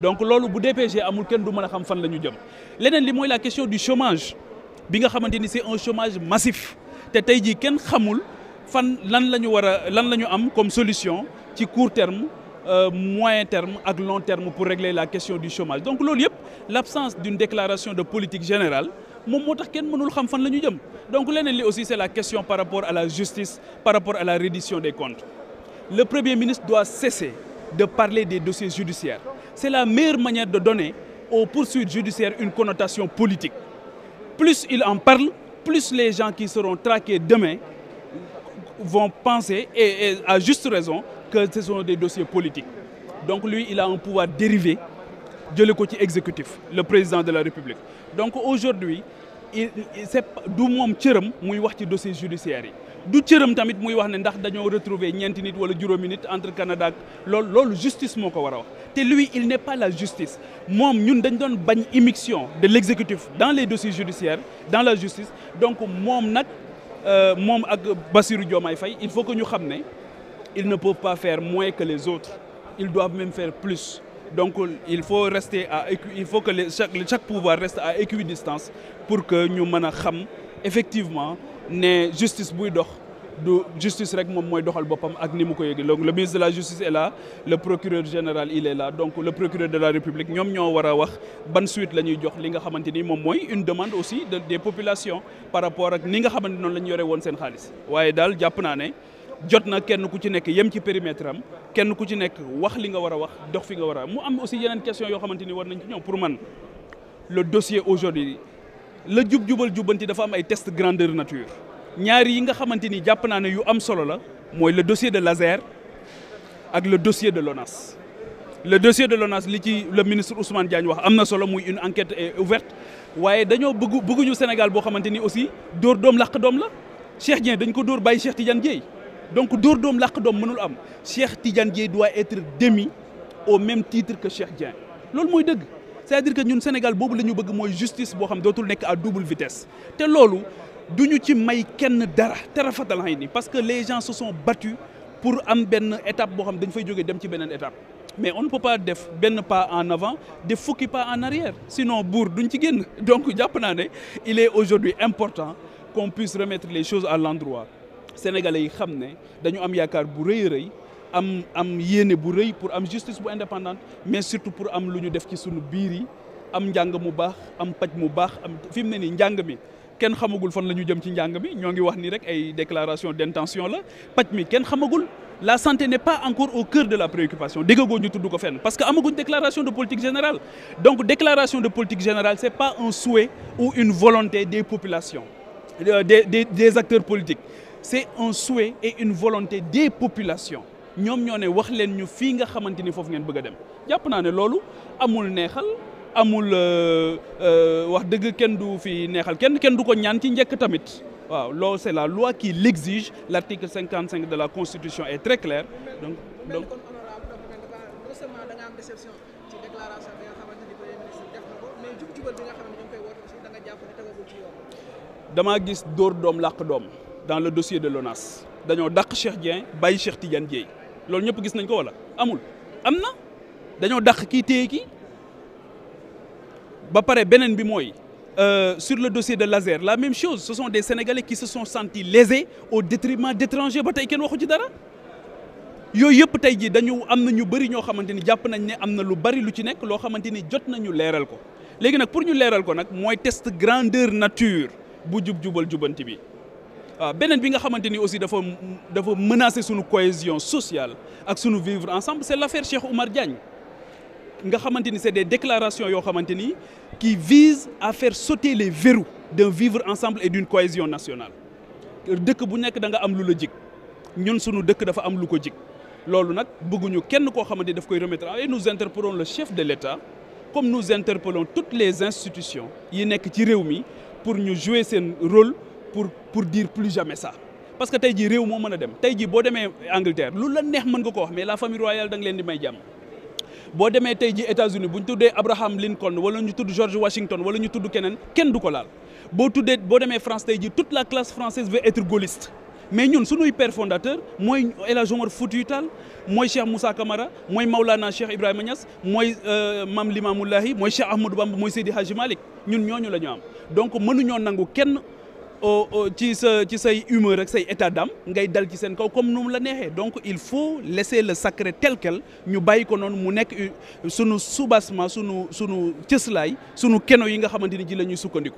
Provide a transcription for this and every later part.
donc loolu bu DPG amul kenn du mën a xam fan la ñu jëm leneen li mooy la question du chômage bi nga xamante ni c'est un chômage massif te tey jii kenn xamul fan lan la ñu war a lan la ñu am comme solution ci court terme Euh, moyen terme ak long terme pour régler la question du chômage donc loolu yëpp l'absence d'une déclaration de politique générale moom moo tax kenn mënul xam fan la ñu jëm donc leneen li aussi c'est la question par rapport à la justice par rapport à la reddition des comptes le premier ministre doit cesser de parler des dossiers judiciaires c'est la meilleure manière de donner aux poursuites judiciaires une connotation politique. Plus ils en parlent, plus les gens qui seront traqués demain vont penser, et, et à juste raison, que ce sont des dossiers politiques. Donc lui, il a un pouvoir dérivé de le côté exécutif, le président de la République. Donc aujourd'hui, il, il, c'est d'où moi, je suis dossier judiciaire. du cëram tamit muy wax ne ndax dañoo retrouver ñeenti nit wala juróomi nit entre Canada ak loolu loolu justice moo ko war a wax te lui il n'est pas la justice moom ñun dañ doon bañ immixtion de l'exécutif dans les dossiers judiciaires dans la justice donc moom nag euh, moom ak Bassirou ay fay il faut que ñu xam ne ils ne peuvent pas faire moins que les autres il doivent même faire plus donc il faut rester à il faut que les chaque chaque pouvoir reste à équidistance pour que ñu mën a xam effectivement ne justice buy dox du justice rek moom mooy doxal boppam ak ni mu ko yëgee donc le ministre de la justice est là le procureur général il est là donc le procureur de la république a wax la ñuy jox li nga xamante ni moom mooy une demande aussi de des par rapport ak nga xamante noonu la yore woon seen xaalis waaye daal jàpp naa jot na kenn ku ci nekk yem ci périmètre am kenn ku ci nekk wax li nga war a wax dox fi nga war a mu yeneen question yoo xamante ni war nañ ci ñëw pour man le dossier la jub jubal jubbanti dafa am ay test grandeur nature ñaari yi nga xamante ni jàpp naa ne yu am solo la mooy le dossier de l'ASER ak le dossier de l'ONAS le dossier de l'ONAS li ci le ministre Ousmane Diagne wax am na solo muy une enquête ouverte waaye dañoo bëgg bëgguñu Sénégal boo xamante ni aussi door doom làq doom la Cheikh Dieng dañ ko dóor bàyyi Cheikh Tidiane Dieye donc dóor doom làq doom mënul am Cheikh Tidiane Dieye doit être démis au même titre que Cheikh Dieng loolu mooy dëgg c'est-à-dire que ñun Sénégal boobu la ñu bëgg mooy justice boo xam dootul nekk à double vitesse te loolu du ñu ci may kenn dara tarafatal ay ni parce que les gens se sont battus pour am benn étape boo xam dañ fay jógee dem ci beneen étape mais on ne peut pas def benn pas en avant def fukki pas en arrière sinon buur duñ ci génn donc jàpp naa ne il est aujourd'hui important qu'on puisse remettre les choses à l'endroit sénégalais yi xam ne dañu am yaakaar bu rëy rëy am am yéene bu rëy pour am justice bu indépendante mais surtout pour am lu ñu def ci sunu biir yi am njàng mu baax am paj mu baax am fi mu ne nii njàng mi kenn xamagul fan la ñu jëm ci njàng mi ñoo ngi wax nii rek ay déclaration d'intention la paj mi kenn xamagul la santé n'est pas encore au cœur de la préoccupation déggagoo ñu tudd ko fenn parce que amaguñ déclaration de politique générale donc déclaration de politique générale c'est pas un souhait ou une volonté des populations euh, des des des acteurs politiques c'est un souhait et une volonté des populations ñoom ñoo ne wax leen ñu fii nga xamante ni foofu ngeen bëgg a dem jàpp naa ne loolu amul neexal amul euh, euh, wax dëgg kenn du fi neexal kenn kenn du ko ñaan ci njëkk tamit waaw loolu c'est la loi qui l'exige l'article cinquante cinq de la constitution est très clair donc donc damaa gis dóor doom làq doom dans le dossier de l'ONAS dañoo dàq Cheikh Dieng bàyyi Cheikh Tidiane Dièye loolu ñëpp gis nañ ko wala amul am na dañoo dàq kii téye ba pare beneen bi mooy euh, sur le dossier de Lazer la même chose ce sont des sénégalais qui se sont sentis lésés au détriment d'étrangers ba tey kenn waxu ci dara yooyu yëpp tey jii dañu am na ñu bëri ñoo xamante ni jàpp nañ ne am na lu bari lu ci nekk loo xamante ni jot nañu leeral ko léegi nag pour ñu leeral ko nag mooy test grandeur nature bu jub jubal jubanti bi waaw beneen bi nga xamante ni aussi dafa dafa menacer sunu cohésion sociale ak sunu vivre ensemble c'est l'affaire Cheikh Oumar Diagne nga xamante ni c'est des déclarations yoo xamante ni qui visent à faire sauter les verrous d'un vivre ensemble et d'une cohésion nationale dëkk bu nekk da nga am lu la jig ñun sunu dëkk dafa am lu ko jig loolu nag bëgguñu kenn koo xamante ni daf koy remettre et nous interpellons le chef de l'État comme nous interpellons toutes les institutions yi nekk ci réew mi pour ñu jouer seen rôle pour pour dire plus jamais ça parce que jii réew moo mën a dem tey jii boo demee Angleterre lu la neex mën nga ko wax mais la famille leen di may jàmm boo demee tey ji États-Unis bu ñu tuddee Abraham Lincoln wala ñu tudd George Washington wala ñu tudd keneen kenn du ko laal boo tuddee boo demee France tey ji toute la classe française veut être gaulliste mais ñun suñuy père fondateur mooy El Hadj Omar Foutiyou Tall mooy Cheikh Moussa Camara mooy Maulana Cheikh Ibrahima Niass mooy euh, Mame Limamou Laye mooy Cheikh Ahmadou Bamba mooy Seydi Hadji Malick ñun ñooñu la ñu am donc mënuñoo nangu kenn. ci sa ci say humeur ak say état d'âme ngay dal ci seen kaw comme nu mu la neexee donc il faut laisser le sacré tel quel ñu bàyyi ko noonu mu nekk sunu soubassement sunu sunu cëslaay sunu keno yi nga xamante ni ji la ñuy sukkandiku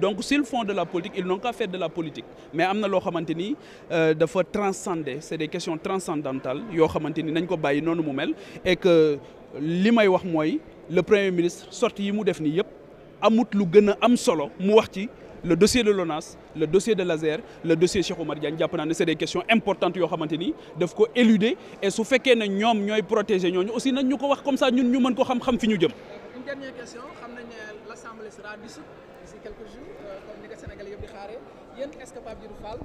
donc s'ils font de la politique ils n'ont qu'à faire de la politique mais am na loo xamante ni euh, dafa transcender c'est des questions transcendantales yoo xamante ni nañ ko bàyyi noonu mu mel et que li may wax mooy le premier ministre sorti yi mu def nii yëpp. amut lu gën a am solo mu wax ci le dossier de l'ONAS le dossier de l'ASER le dossier Cheikh Oumar Diagne jàpp naa ne c'est des questions importantes yoo xamante ni daf ko éluder et su fekkee ne ñoom ñooy protégé ñooñu aussi nañ ñu ko wax comme ça ñun ñu mën ko xam-xam fi ñu jëm. une dernière question euh, ce que Pape Djibril Fall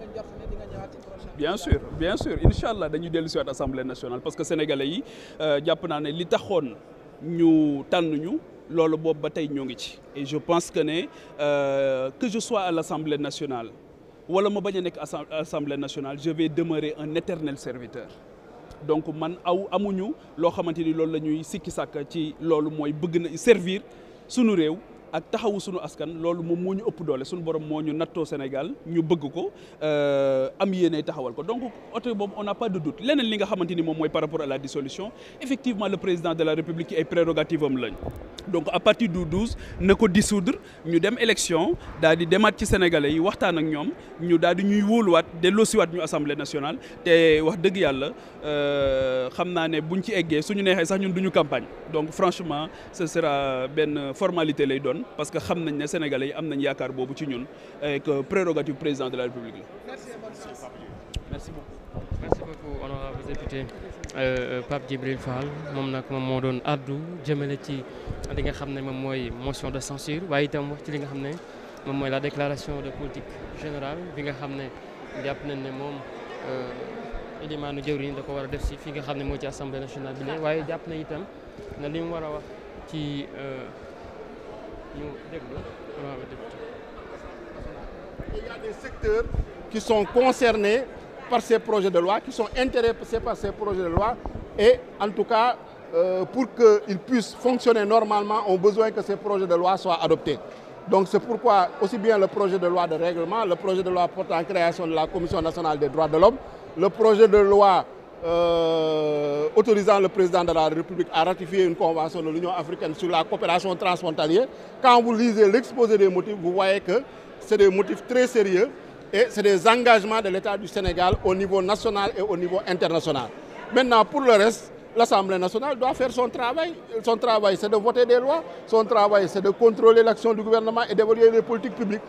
mën bien sûr bien sûr incha allah dañuy dellu si waat assemblée nationale parce que sénégalais yi euh, jàpp naa ne li taxoon ñu tànn ñu. loolu boobu ba tey ñoo ngi ci et je pense que ne euh, que je sois à l'Assemblée nationale wala ma bañ a nekk Assemblée nationale je vais demeurer un éternel serviteur donc man aw amuñu loo xamante ni loolu la ñuy sikki sàkk ci loolu mooy bëgg na servir sunu réew ak taxawu sunu askan loolu moom moo ñu ëpp doole suñu borom moo ñu nattoo Sénégal ñu bëgg ko euh, am yéene taxawal ko donc oto boobu on n'a pas de doute leneen li nga xamante ni moom mooy par rapport à la dissolution effectivement le président de la République ay prérogatives am lañ donc à partir du 12 na ko dissoudre ñu dem élection daal di demaat ci sénégalais yi waxtaan ak ñoom ñu daal di ñuy wóoluwaat delloosiwaat ñu assemblée nationale te wax dëgg yàlla euh, xam naa ne buñ ci eggee suñu neexee sax ñun duñu campagne donc franchement ce benn formalité lay doon. ñun parce que xam nañ ne sénégalais yi am nañ yaakaar boobu ci ñun et que prérogative président de la république la. merci beaucoup. merci euh, euh, moom nag moom moo doon addu jëmale ci li nga xam ne moom mooy motion de censure waaye itam ci li nga ne moom mooy la déclaration de politique générale bi nga xam ne jàpp nañ ne moom élimaanu euh, jëwriñ da ko war a def si fi nga xam ne moo ci assemblée nationale bi ne waaye jàpp na itam na li mu war a wax ci. ñu déglu honorable député. Il y a des secteurs qui sont concernés par ces projets de loi, qui sont et en tout cas euh, pour qu'ils puissent fonctionner normalement, ont besoin que ces projets de loi soient adoptés. Donc c'est pourquoi aussi bien le projet de loi de règlement, le projet de loi portant création de la Commission nationale des droits de l'homme, le projet de loi euh, autorisant le président de la République à ratifier une convention de l'Union africaine sur la coopération transfrontalière. Quand vous lisez l'exposé des motifs, vous voyez que c'est des motifs très sérieux et c'est des engagements de l'État du Sénégal au niveau national et au niveau international. Maintenant, pour le reste, l'Assemblée nationale doit faire son travail. Son travail, c'est de voter des lois. Son travail, c'est de contrôler l'action du gouvernement et d'évaluer